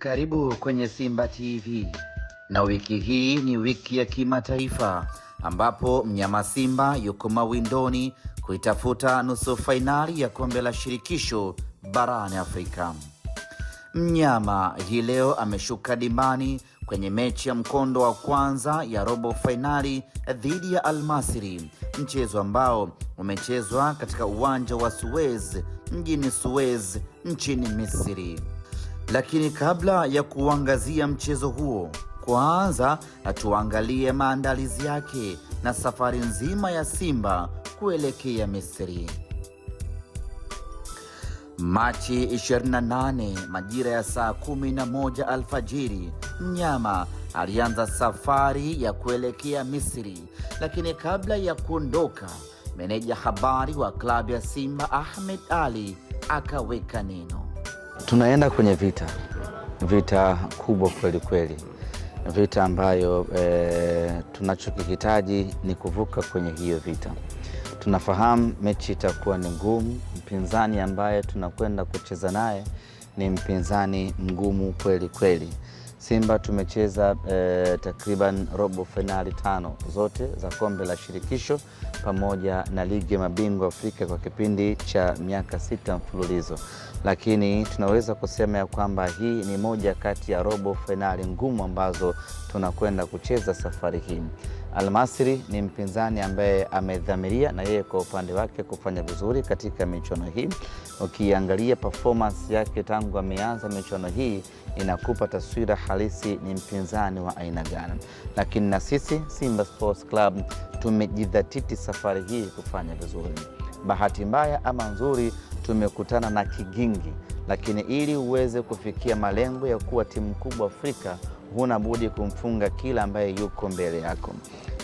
Karibu kwenye Simba TV na wiki hii ni wiki ya kimataifa ambapo mnyama Simba yuko mawindoni kuitafuta nusu fainali ya kombe la shirikisho barani Afrika. Mnyama hii leo ameshuka dimani kwenye mechi ya mkondo wa kwanza ya robo fainali dhidi ya Almasiri, mchezo ambao umechezwa katika uwanja wa Suez mjini Suez nchini Misri. Lakini kabla ya kuangazia mchezo huo, kwanza tuangalie maandalizi yake na safari nzima ya Simba kuelekea Misri. Machi 28 majira ya saa 11 alfajiri, mnyama alianza safari ya kuelekea Misri, lakini kabla ya kuondoka, meneja habari wa klabu ya Simba Ahmed Ali akaweka neno. Tunaenda kwenye vita, vita kubwa kweli kweli, vita ambayo e, tunachokihitaji ni kuvuka kwenye hiyo vita. Tunafahamu mechi itakuwa ni ngumu. Mpinzani ambaye tunakwenda kucheza naye ni mpinzani mgumu kweli kweli. Simba tumecheza e, takriban robo fainali tano zote za kombe la shirikisho pamoja na ligi ya mabingwa Afrika kwa kipindi cha miaka sita mfululizo, lakini tunaweza kusema ya kwamba hii ni moja kati ya robo fainali ngumu ambazo tunakwenda kucheza safari hii. Almasri ni mpinzani ambaye amedhamiria na yeye kwa upande wake kufanya vizuri katika michuano hii. Ukiangalia performance yake tangu ameanza michuano hii inakupa taswira halisi ni mpinzani wa aina gani, lakini na sisi Simba Sports Club tumejidhatiti safari hii kufanya vizuri. Bahati mbaya ama nzuri, tumekutana na kigingi, lakini ili uweze kufikia malengo ya kuwa timu kubwa Afrika huna budi kumfunga kila ambaye yuko mbele yako.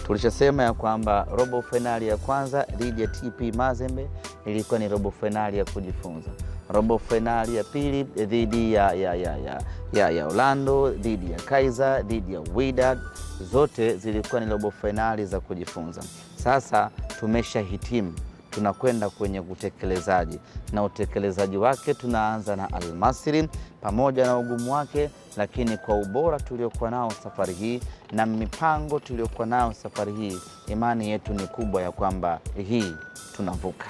Tulishasema ya kwamba robo fainali ya kwanza dhidi ya TP Mazembe ilikuwa ni robo fainali ya kujifunza. Robo fainali ya pili dhidi ya, ya, ya, ya, ya, ya Orlando dhidi ya Kaizer dhidi ya Wydad zote zilikuwa ni robo fainali za kujifunza. Sasa tumeshahitimu tunakwenda kwenye utekelezaji, na utekelezaji wake tunaanza na Almasri pamoja na ugumu wake, lakini kwa ubora tuliokuwa nao safari hii na mipango tuliokuwa nao safari hii, imani yetu ni kubwa ya kwamba hii tunavuka.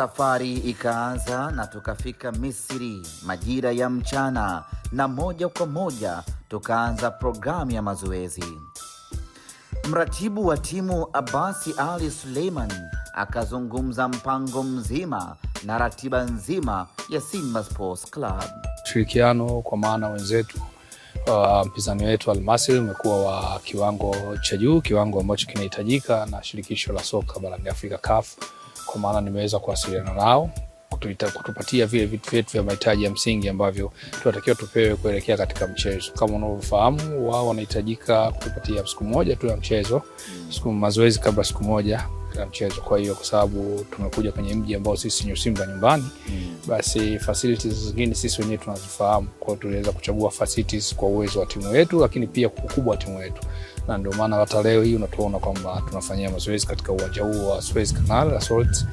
Safari ikaanza na tukafika Misri majira ya mchana, na moja kwa moja tukaanza programu ya mazoezi. Mratibu wa timu Abasi Ali Suleiman akazungumza mpango mzima na ratiba nzima ya Simba Sports Club. Ushirikiano kwa maana wenzetu mpizani uh, wetu almasil umekuwa wa kiwango cha juu, kiwango ambacho kinahitajika na shirikisho la soka barani Afrika kafu kwa maana nimeweza kuwasiliana nao kutuita, kutupatia vile vitu vyetu vya mahitaji ya msingi ambavyo tunatakiwa tupewe kuelekea katika mchezo. Kama unavyofahamu, wao wanahitajika kutupatia siku moja tu ya mchezo, siku mazoezi kabla siku moja ya mchezo. Kwa hiyo kwa sababu tumekuja kwenye mji ambao sisi ni Simba nyumbani mm, basi facilities zingine sisi wenyewe tunazifahamu, kwa hiyo tuliweza kuchagua facilities kwa uwezo wa timu yetu, lakini pia ukubwa wa timu yetu na ndio maana hata leo hii unatuona kwamba tunafanyia mazoezi katika uwanja huu wa Suez Canal Resort.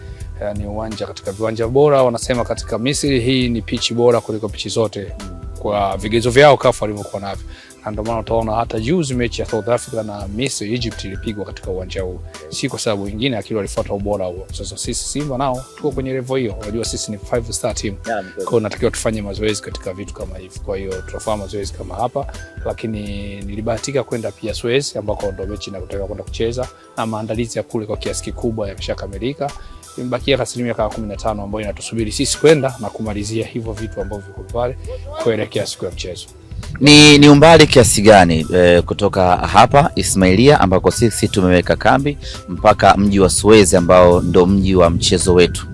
Eh, ni uwanja katika viwanja bora, wanasema katika Misri hii ni pichi bora kuliko pichi zote kwa vigezo vyao kafu alivyokuwa navyo na ndio maana utaona hata juzi mechi ya South Africa na Misri Egypt ilipigwa katika uwanja huu, si kwa sababu nyingine, akili walifuata ubora huo. Sasa sisi Simba nao tuko kwenye level hiyo, unajua sisi ni five star team, kwa hiyo natakiwa tufanye mazoezi katika vitu kama hivi. Kwa hiyo tutafanya mazoezi kama hapa, lakini nilibahatika kwenda pia Suez ambako ndio mechi inataka kwenda kucheza, na maandalizi ya kule kwa kiasi kikubwa yameshakamilika imebakia asilimia kama kumi na tano ambayo inatusubiri sisi kwenda na kumalizia hivyo vitu ambavyo viko pale kuelekea siku ya mchezo. Ni, ni umbali kiasi gani e, kutoka hapa Ismailia ambako sisi tumeweka kambi mpaka mji wa Suez ambao ndo mji wa mchezo wetu?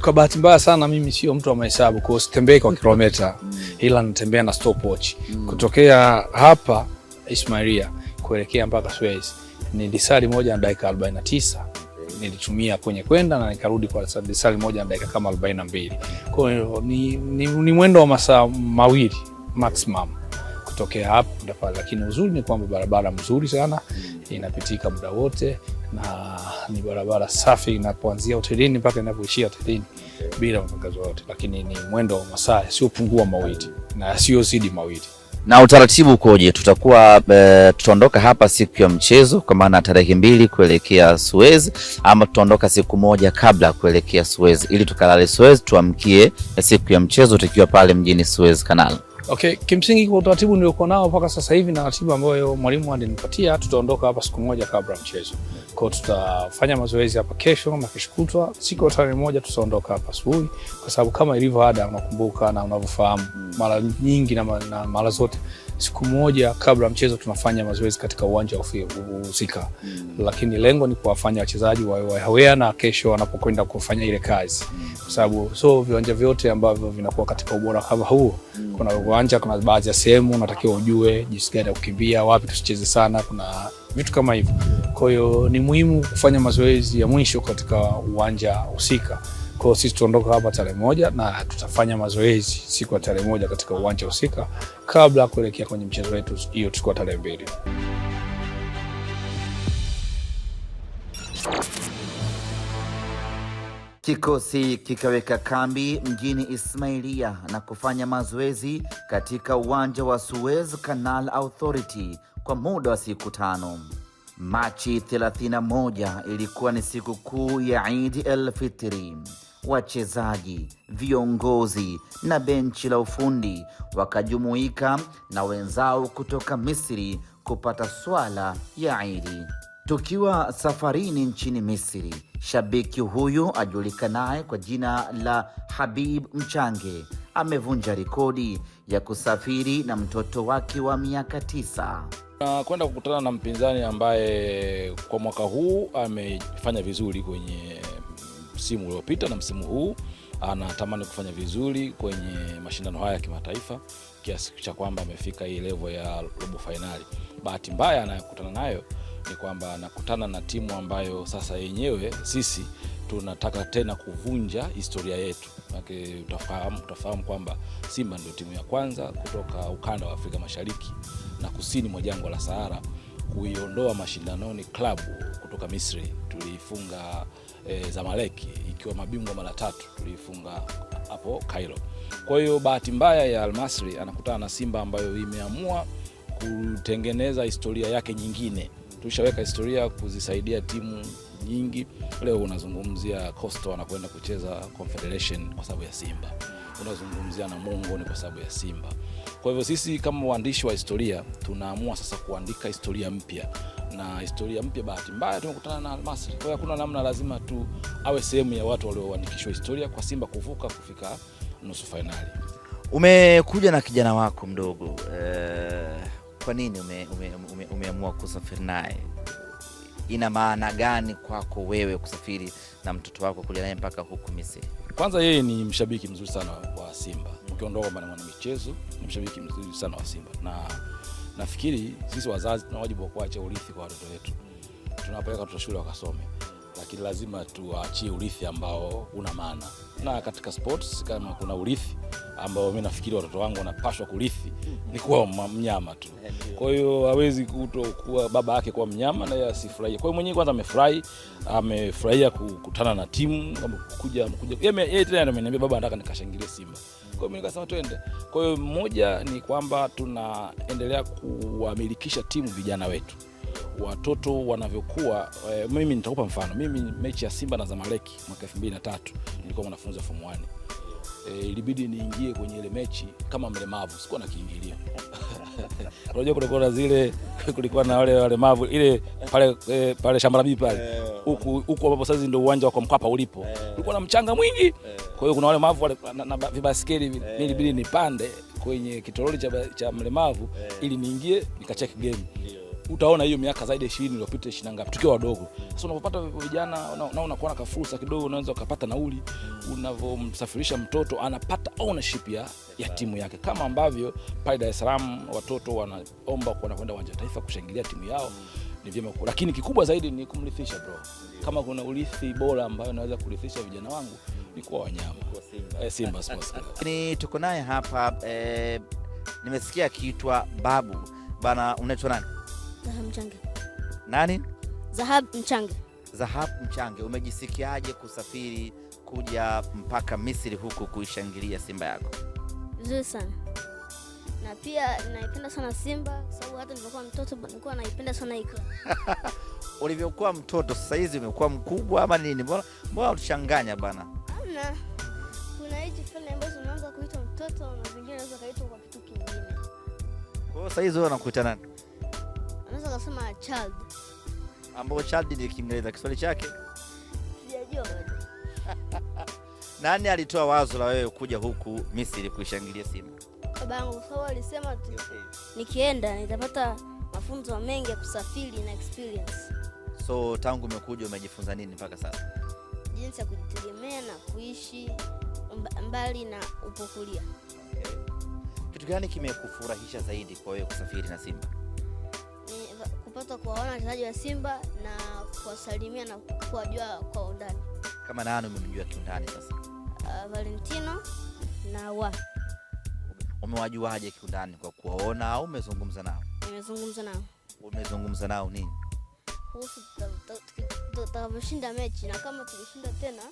Kwa bahati mbaya sana mimi sio mtu wa mahesabu, kwa sitembei kwa kilomita, ila natembea na stopwatch mm. kutokea hapa Ismailia kuelekea mpaka Suez ni lisali moja na dakika 49 nilitumia kwenye kwenda na nikarudi kwa lisali moja na dakika kama 42. Kwa hiyo ni, ni, ni mwendo wa masaa mawili maximum. Mm kutokea hapo pale, lakini uzuri ni kwamba barabara mzuri sana mm. inapitika muda wote, na ni barabara safi inapoanzia hotelini mpaka inapoishia hotelini bila matangazo wote, lakini ni mwendo wa masaa yasiyopungua mawili na yasiyozidi mawili. Na utaratibu ukoje? Tutakuwa e, tutaondoka hapa siku ya mchezo kwa maana tarehe mbili kuelekea Suez, ama tutaondoka siku moja kabla kuelekea Suez ili tukalale Suez, tuamkie siku ya mchezo tukiwa pale mjini Suez Canal. Okay, kimsingi kwa utaratibu niliokuwa nao mpaka sasa hivi na ratiba ambayo mwalimu alinipatia, tutaondoka hapa siku moja kabla ya mchezo. Kwa hiyo tutafanya mazoezi hapa kesho na kesho kutwa, siku ya tarehe moja tutaondoka hapa asubuhi, kwa sababu kama ilivyo ada, unakumbuka na unavyofahamu mara nyingi na mara zote siku moja kabla mchezo tunafanya mazoezi katika uwanja wa husika mm. Lakini lengo ni kuwafanya wachezaji wawe na kesho wanapokwenda kufanya ile kazi mm. Kwa sababu so viwanja vyote ambavyo vinakuwa katika ubora kama huo mm. Kuna uwanja, kuna baadhi ya sehemu unatakiwa ujue jinsi gani ya kukimbia, wapi tusicheze sana, kuna vitu kama hivyo. Kwa hiyo ni muhimu kufanya mazoezi ya mwisho katika uwanja husika. Kwa hiyo sisi tutaondoka hapa tarehe moja na tutafanya mazoezi siku ya tarehe moja katika uwanja husika kabla ya kuelekea kwenye mchezo wetu hiyo tukiwa tarehe mbili. Kikosi kikaweka kambi mjini Ismailia na kufanya mazoezi katika uwanja wa Suez Canal Authority kwa muda wa siku tano. Machi 31 ilikuwa ni siku kuu ya Idi el Fitri wachezaji, viongozi na benchi la ufundi wakajumuika na wenzao kutoka Misri kupata swala ya Idi. Tukiwa safarini nchini Misri, shabiki huyu ajulikanaye kwa jina la Habib Mchange amevunja rekodi ya kusafiri na mtoto wake wa miaka tisa na kwenda kukutana na mpinzani ambaye kwa mwaka huu amefanya vizuri kwenye msimu uliopita na msimu huu anatamani kufanya vizuri kwenye mashindano haya ya kimataifa kiasi cha kwamba amefika hii levo ya robo fainali. Bahati mbaya anayokutana nayo ni kwamba anakutana na timu ambayo sasa yenyewe sisi tunataka tena kuvunja historia yetu. Utafahamu, utafahamu kwamba Simba ndio timu ya kwanza kutoka ukanda wa Afrika Mashariki na kusini mwa jangwa la Sahara kuiondoa mashindanoni klabu kutoka Misri. Tuliifunga e, maleki ikiwa mabingwa mara tatu tuliifunga hapo Cairo. Kwa hiyo bahati mbaya ya Almasri anakutana na Simba ambayo imeamua kutengeneza historia yake nyingine. Tulishaweka historia kuzisaidia timu nyingi. Leo unazungumzia Coastal anakwenda kucheza Confederation kwa sababu ya Simba, unazungumzia Namungo ni kwa sababu ya Simba. Kwa hivyo sisi kama waandishi wa historia tunaamua sasa kuandika historia mpya, na historia mpya, bahati mbaya tumekutana na Almasri. Kwa hiyo hakuna namna, lazima tu awe sehemu ya watu walioandikishwa historia kwa Simba kuvuka kufika nusu fainali. Umekuja na kijana wako mdogo uh, kwa nini umeamua ume, ume, ume kusafiri naye? Ina maana gani kwako wewe kusafiri na mtoto wako kuja naye mpaka huku Misri? Kwanza yeye ni mshabiki mzuri sana wa Simba ukiondoka bwana mwanamichezo, ni mshabiki mzuri sana wa Simba, na nafikiri sisi wazazi tuna wajibu wa kuacha urithi kwa watoto wetu. Tunawapeleka watoto shule wakasome, lakini lazima tuwaachie urithi ambao una maana, na katika sports kama kuna urithi ambayo mi nafikiri watoto wangu wanapashwa kurithi mhm. ni kuwa mnyama tu. Eh, Kwa hiyo hawezi kuwa baba yake kuwa mnyama na yeye asifurahie. Kwa hiyo mwenyewe kwanza amefurahi, amefurahia kukutana na timu kama kuja kuja. Yeye tena ameniambia baba, nataka nikashangilie Simba. Kwa hiyo mimi nikasema twende. Kwa hiyo mmoja ni kwamba tunaendelea kuwamilikisha timu vijana wetu watoto wanavyokuwa. E, mimi nitakupa mfano. Mimi mechi ya Simba na Zamaleki mwaka 2003 nilikuwa mwanafunzi wa fomu 1 e, ilibidi niingie kwenye ile mechi kama mlemavu, sikuwa na kiingilio. Unajua kulikuwa na zile, kulikuwa na wale walemavu ile pale e, pale shamba pale eh. huku huku ambapo sasa ndio uwanja wa Mkapa ulipo, kulikuwa na mchanga mwingi, kwa hiyo kuna wale mavu wale na vibasikeli, mimi ilibidi nipande kwenye kitoroli cha, cha mlemavu ili niingie nikacheki game utaona hiyo miaka zaidi ya 20 iliyopita 20 ngapi, tukiwa wadogo. Sasa unapopata vijana na unakuwa na kafursa kidogo, unaweza ukapata nauli, unavomsafirisha mtoto anapata ownership ya, ya timu yake, kama ambavyo pale Dar es Salaam watoto wanaomba kwenda uwanja wa taifa kushangilia timu yao ni vyema, lakini kikubwa zaidi ni kumrithisha bro. Kama kuna urithi bora ambayo naweza kurithisha vijana wangu ni kuwa wanyama Simba, eh, Simba Sports Club. tuko naye hapa eh, nimesikia akiitwa Babu bana, unaitwa nani? Zahab Mchange. Nani? Zahab Mchange. Zahab Mchange, umejisikiaje kusafiri kuja mpaka Misri huku kuishangilia Simba yako? Vizuri sana. Na pia naipenda sana Simba sababu hata nilipokuwa mtoto nilikuwa naipenda sana hiyo. Ulivyokuwa mtoto sasa hizi umekuwa mkubwa ama nini? Mbona mbona utachanganya bana? Hamna. Kuna hizi fulani ambazo unaanza kuitwa mtoto na vingine unaweza kaitwa kwa kitu kingine. Kwa hiyo sasa hizi wewe unakuita nani? Kiingereza kasema child, ambao child ni Kiingereza, Kiswahili chake sijajua. Nani alitoa wazo la wewe kuja huku Misri kuishangilia Simba? Babangu, sababu alisema tu nikienda nitapata mafunzo mengi ya kusafiri na experience. So tangu umekuja umejifunza nini mpaka sasa? Jinsi ya kujitegemea na kuishi mbali na upokulia. Kitu gani kimekufurahisha zaidi kwa wewe kusafiri na Simba? nimepata kuwaona wachezaji wa Simba na kuwasalimia na kuwajua kwa undani. Kama nani umemjua kiundani sasa? Uh, Valentino na wa umewajuaje kiundani? Kwa kuwaona au umezungumza nao? Nimezungumza nao. Umezungumza nao nini? Kuhusu tutakavyoshinda mechi na kama tulishinda tena,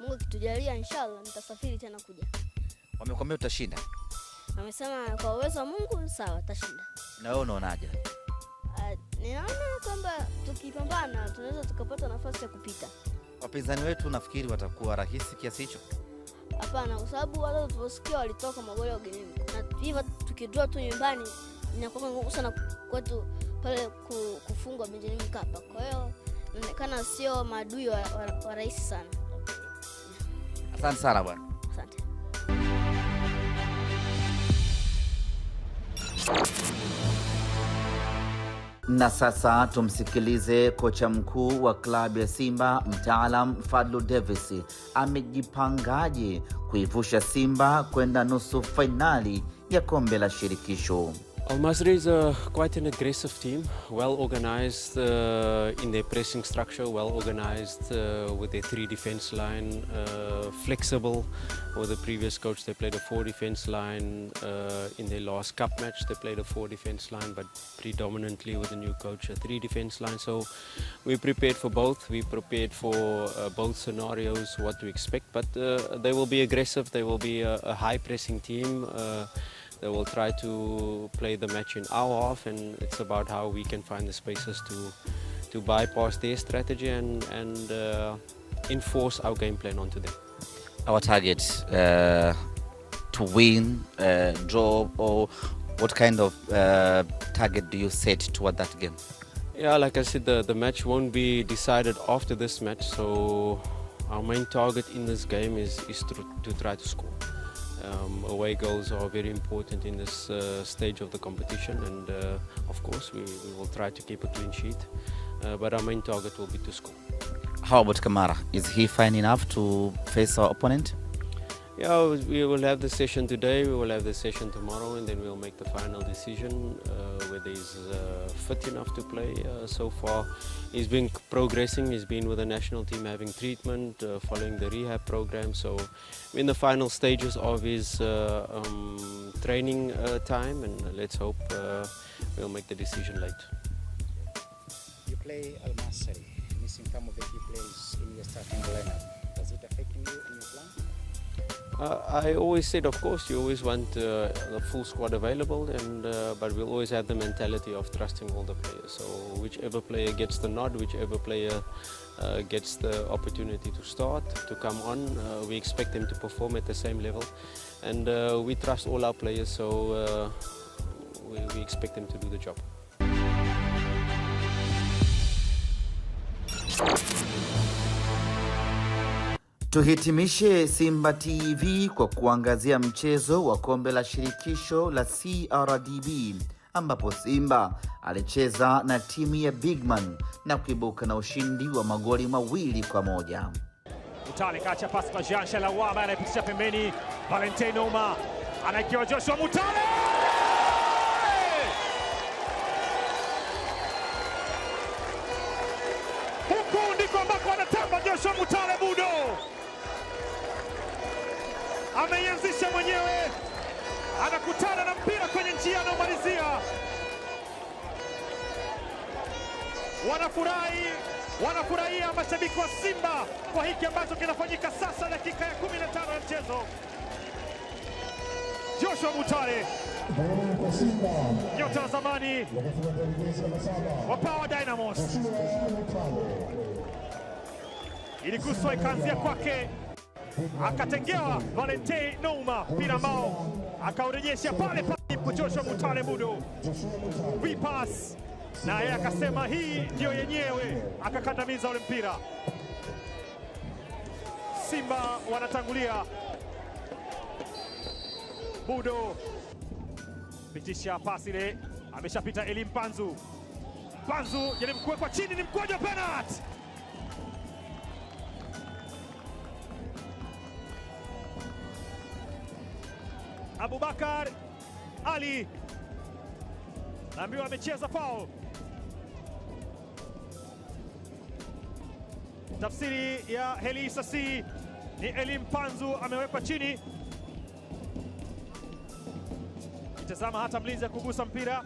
Mungu kitujalia, inshallah nitasafiri tena kuja. Wamekwambia utashinda? Wamesema kwa uwezo wa Mungu, sawa, tutashinda. Na wewe unaonaje? ninaona kwamba tukipambana tunaweza tukapata nafasi ya kupita. Wapinzani wetu nafikiri watakuwa rahisi kiasi hicho? Hapana, kwa sababu wale tuliosikia walitoka magoli ya ugenini, na hivyo tukidua tu nyumbani inakuwa ngumu sana kwetu pale kufungwa Benjamin Mkapa. Kwa hiyo inaonekana sio maadui wa, wa, wa rahisi sana. Asante sana bwana. Asante. Na sasa tumsikilize kocha mkuu wa klabu ya Simba mtaalam Fadlu Davis amejipangaje kuivusha Simba kwenda nusu fainali ya kombe la shirikisho. Al Masri is a, quite an aggressive team, well organized uh, in their pressing structure, well organized uh, with their three defense line, uh, flexible. With the previous coach, they played a four defense line. Uh, in their last cup match, they played a four defense line, but predominantly with the new coach, a three defense line. So we prepared for both. We prepared for uh, both scenarios, what to expect. But uh, they will be aggressive. They will be a, a high pressing team. They will try to play the match in our off, and it's about how we can find the spaces to to bypass their strategy and and uh, enforce our game plan onto them. Our targets uh, to win, uh, draw, or what kind of uh, target do you set toward that game? Yeah, like I said, the, the match won't be decided after this match, so our main target in this game is, is to, to try to score. Um, away goals are very important in this uh, stage of the competition, and uh, of course, we, we, will try to keep a clean sheet. Uh, but our main target will be to score. How about Kamara? Is he fine enough to face our opponent? Yeah, we will have the session today, we will have the session tomorrow, and then we'll make the final decision uh, whether he's uh, fit enough to play. Uh, so far, he's been progressing, he's been with the national team having treatment, uh, following the rehab program. So, in the final stages of his uh, um, training uh, time, and let's hope uh, we'll make the decision late. You play Al Masri, missing some of the key in your starting lineup. Does it affect you and your plan? Uh, I always said, of course, you always want uh, the full squad available, and uh, but we'll always have the mentality of trusting all the players. So whichever player gets the nod, whichever player uh, gets the opportunity to start, to come on, uh, we expect them to perform at the same level, and uh, we trust all our players. So we, we expect them to do the job. Tuhitimishe Simba TV kwa kuangazia mchezo wa kombe la shirikisho la CRDB ambapo Simba alicheza na timu ya Bigman na kuibuka na ushindi wa magoli mawili kwa moja. Mutale kacha pasi kwa Jean Shalawaba pembeni, Uma anaikiwa Joshua Mutale Garcia wanafurahi, wanafurahia mashabiki wa Simba kwa hiki ambacho kinafanyika sasa, dakika ya 15 ya mchezo. Joshua Mutale, nyota wa zamani wa Power Dynamos, kuswa ikaanzia kwake, akatengewa Valentine Nouma, mpira ambao akaurejesha pale pale kuchoshwa Mutale Budo vipas, na yeye akasema hii ndiyo yenyewe, akakandamiza ule mpira. Simba wanatangulia. Budo pitisha pasi ile, ameshapita Elim Panzu. Panzu jaribu kuwekwa chini, ni mkwaju wa penalty Abubakar Ali naambiwa amecheza faul. Tafsiri ya Heli Sasi ni Elim Panzu amewekwa chini, itazama hata mlinzi ya kugusa mpira,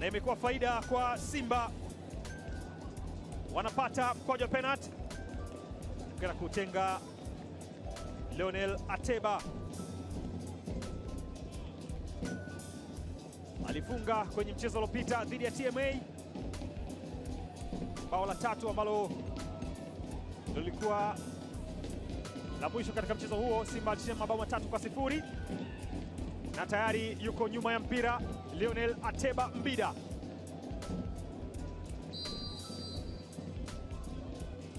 na imekuwa faida kwa Simba, wanapata mkojo penalti, kutenga Leonel Ateba. alifunga kwenye mchezo uliopita dhidi ya TMA, bao la tatu ambalo lilikuwa la mwisho katika mchezo huo. Simba alishinda mabao matatu kwa sifuri na tayari yuko nyuma ya mpira Lionel Ateba Mbida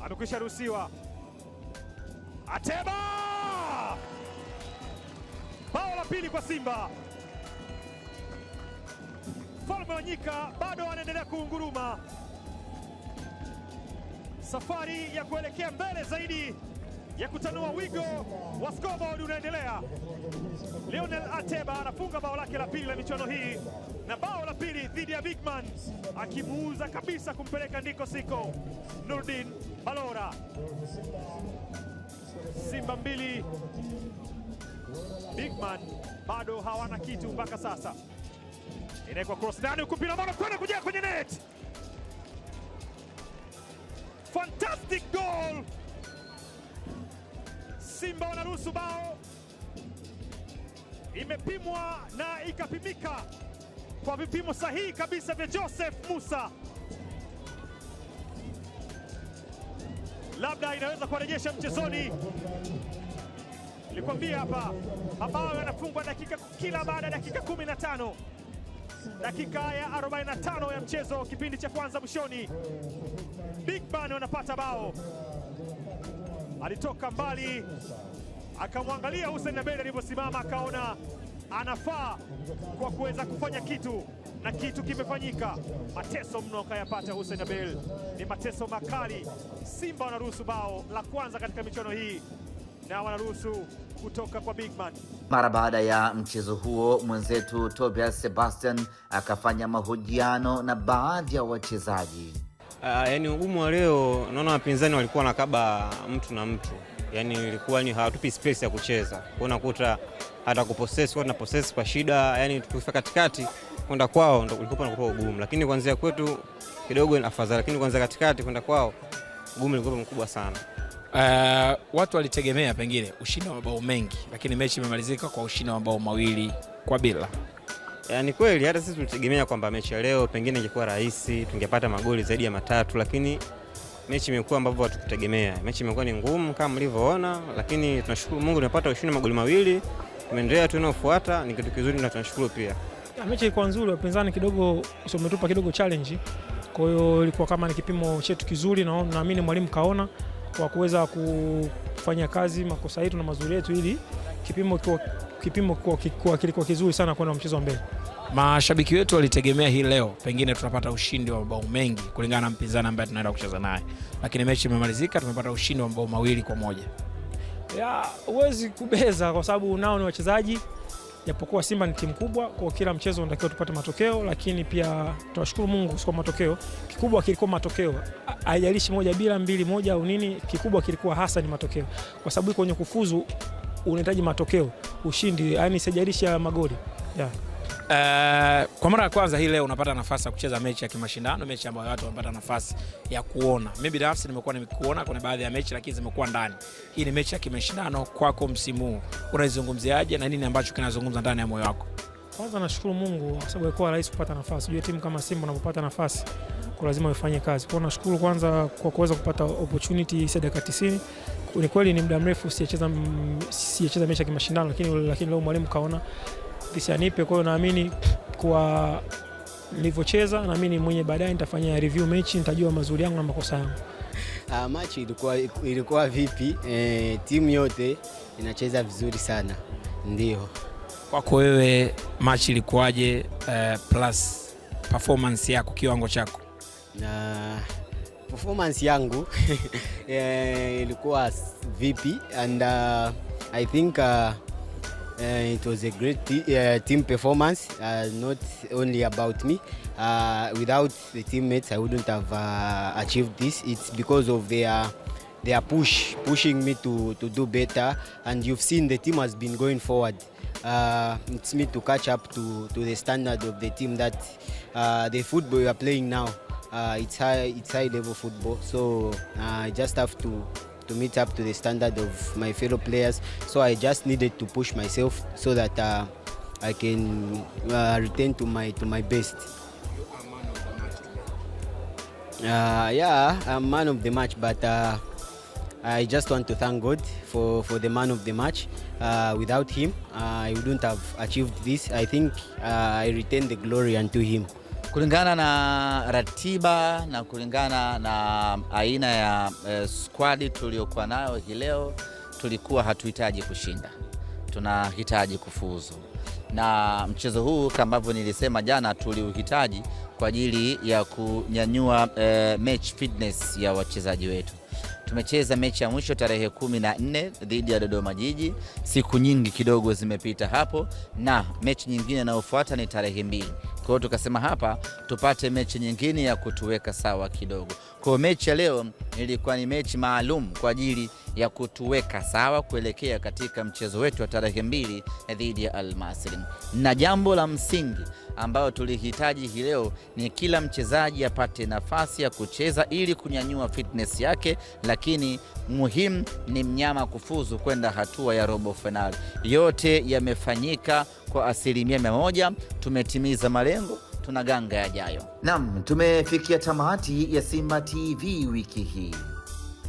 amekwisha ruhusiwa. Ateba, bao la pili kwa Simba wamegawanyika, bado wanaendelea kuunguruma. Safari ya kuelekea mbele zaidi ya kutanua wigo wa scoreboard unaendelea. Lionel Ateba anafunga bao lake la pili la michuano hii na bao la pili dhidi ya Bigman, akimuuza kabisa kumpeleka ndiko siko. Nurdin Balora, Simba mbili Bigman bado hawana kitu mpaka sasa inawekwa cross ndani, huku Binamono kwenda kujia kwenye net. Fantastic goal! Simba wanaruhusu bao, imepimwa na ikapimika kwa vipimo sahihi kabisa vya Joseph Musa. Labda inaweza kuwarejesha mchezoni. Nilikwambia hapa, mabao yanafungwa dakika kila baada ya dakika 15 dakika ya 45 ya mchezo, kipindi cha kwanza mwishoni, Big wanapata bao. Alitoka mbali akamwangalia Hussein abel alivyosimama, akaona anafaa kwa kuweza kufanya kitu na kitu kimefanyika. Mateso mno akayapata Hussein abel ni mateso makali. Simba wanaruhusu bao la kwanza katika michuano hii na wanaruhusu kutoka kwa man. Mara baada ya mchezo huo, mwenzetu Tobias Sebastian akafanya mahojiano na baadhi ya wachezaji. Uh, ah, yani ugumu wa leo naona wapinzani walikuwa nakaba mtu na mtu, yani ilikuwa ni hawatupi space ya kucheza, kwa nakuta hata kuposesi na tunaposesi kwa shida, yani tukifika katikati kwenda kwao ndo ulikuwa kutoa ugumu, lakini kuanzia kwetu kidogo ni afadhali, lakini kuanzia katikati kwenda kwao ugumu ulikuwa mkubwa sana. Uh, watu walitegemea pengine ushindi wa mabao mengi, lakini mechi imemalizika kwa ushindi wa mabao mawili kwa bila. Eh, ni kweli hata sisi tulitegemea kwamba mechi ya leo pengine ingekuwa rahisi, tungepata magoli zaidi ya matatu, lakini mechi imekuwa ambavyo hatukutegemea. Mechi imekuwa ni ngumu kama mlivyoona, lakini tunashukuru Mungu tumepata ushindi magoli mawili, tumeendelea tu inaofuata, ni kitu kizuri na tunashukuru pia. Ya, mechi ilikuwa nzuri, wapinzani kidogo umetupa kidogo challenge, kwa hiyo ilikuwa kama ni kipimo chetu kizuri, na naamini mwalimu kaona kwa kuweza kufanya kazi makosa yetu na mazuri yetu, ili kipimo kwa, kipimo kilikuwa kizuri sana kwenda mchezo wa mbele. Mashabiki wetu walitegemea hii leo pengine tunapata ushindi wa mabao mengi kulingana na mpinzani ambaye tunaenda kucheza naye, lakini mechi imemalizika, tumepata ushindi wa mabao mawili kwa moja. Huwezi kubeza kwa sababu nao ni wachezaji japokuwa Simba ni timu kubwa, kwa kila mchezo unatakiwa tupate matokeo, lakini pia tunashukuru Mungu kwa matokeo. Kikubwa kilikuwa matokeo, haijalishi moja bila mbili moja au nini, kikubwa kilikuwa hasa ni matokeo, kwa sababu kwenye kufuzu unahitaji matokeo, ushindi, yani sijalisha magoli yeah. Uh, kwa mara ya kwanza hii leo unapata nafasi ya kucheza mechi ya kimashindano, mechi ambayo watu wanapata nafasi ya kuona. Mimi binafsi nimekuwa nimekuona kuna baadhi ya mechi lakini zimekuwa ndani. Hii ni mechi ya kimashindano kwako, msimu huu unaizungumziaje na nini ambacho kinazungumza ndani ya moyo wako? Kwanza nashukuru Mungu kwa sababu ilikuwa rahisi kupata nafasi. Unajua timu kama Simba unapopata nafasi kwa lazima ufanye kazi. Kwa nashukuru kwanza kwa kuweza kupata opportunity dakika 90. Ni kweli ni muda mrefu sijacheza sijacheza mechi ya kimashindano lakini lakini leo mwalimu kaona lisianipe. Kwa hiyo naamini kwa nilivyocheza, naamini mwenye baadaye nitafanya review mechi, nitajua mazuri yangu na makosa yangu. Uh, machi ilikuwa, ilikuwa vipi? E, timu yote inacheza vizuri sana. Ndio kwako wewe machi ilikuwaje? Uh, plus performance yako, kiwango chako na performance yangu e, ilikuwa vipi and uh, I think uh, Uh, it was a great uh, team performance, uh, not only about me. Uh, without the teammates, I wouldn't have uh, achieved this. It's because of their their push, pushing me to, to do better. And you've seen the team has been going forward. Uh, it's me to catch up to, to the standard of the team that the football we are playing now. it's high it's high level football. So I just have to to meet up to the standard of my fellow players. So I just needed to push myself so that uh, I can uh, return to my to my best. Uh, yeah, I'm man of the match, but uh, I just want to thank God for, for the man of the match. Uh, without him, uh, I wouldn't have achieved this. I think uh, I retain the glory unto him. Kulingana na ratiba na kulingana na aina ya eh, skwadi tuliyokuwa nayo hii leo, tulikuwa hatuhitaji kushinda, tunahitaji kufuzu, na mchezo huu kama ambavyo nilisema jana tuliuhitaji kwa ajili ya kunyanyua eh, match fitness ya wachezaji wetu. Tumecheza mechi ya mwisho tarehe kumi na nne dhidi ya Dodoma Jiji. Siku nyingi kidogo zimepita hapo, na mechi nyingine inayofuata ni tarehe mbili kwa hiyo tukasema hapa tupate mechi nyingine ya kutuweka sawa kidogo. Kwa hiyo mechi ya leo ilikuwa ni mechi maalum kwa ajili ya kutuweka sawa kuelekea katika mchezo wetu wa tarehe mbili eh, dhidi ya Almasri, Na jambo la msingi ambayo tulihitaji hii leo ni kila mchezaji apate nafasi ya kucheza ili kunyanyua fitness yake, lakini muhimu ni mnyama kufuzu kwenda hatua ya robo fainali. Yote yamefanyika kwa asilimia mia moja, tumetimiza malengo tuna ganga yajayo. Naam, tumefikia tamati ya Simba TV wiki hii.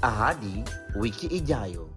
Ahadi Wiki Ijayo